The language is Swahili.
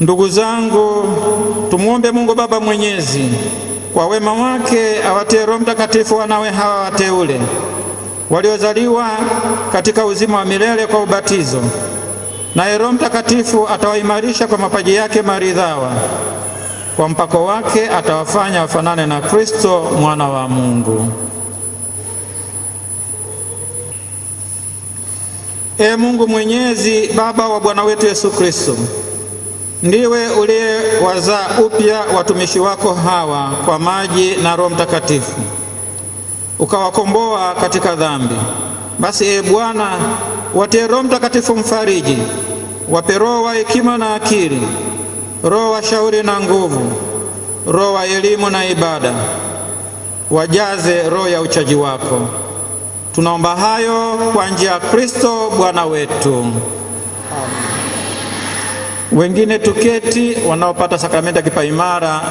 Ndugu zangu, tumwombe Mungu Baba Mwenyezi kwa wema wake awatie Roho Mtakatifu wanawe hawa wateule waliozaliwa katika uzima wa milele kwa ubatizo, naye Roho Mtakatifu atawaimarisha kwa mapaji yake maridhawa. Kwa mpako wake atawafanya wafanane na Kristo mwana wa Mungu. Ee Mungu Mwenyezi, Baba wa Bwana wetu Yesu Kristo Ndiwe uliyewazaa upya watumishi wako hawa kwa maji na Roho Mtakatifu, ukawakomboa katika dhambi. Basi ee Bwana, watie Roho Mtakatifu mfariji, wape roho wa hekima na akili, roho wa shauri na nguvu, roho wa elimu na ibada, wajaze roho ya uchaji wako. Tunaomba hayo kwa njia ya Kristo Bwana wetu wengine tuketi wanaopata sakramenti ya kipaimara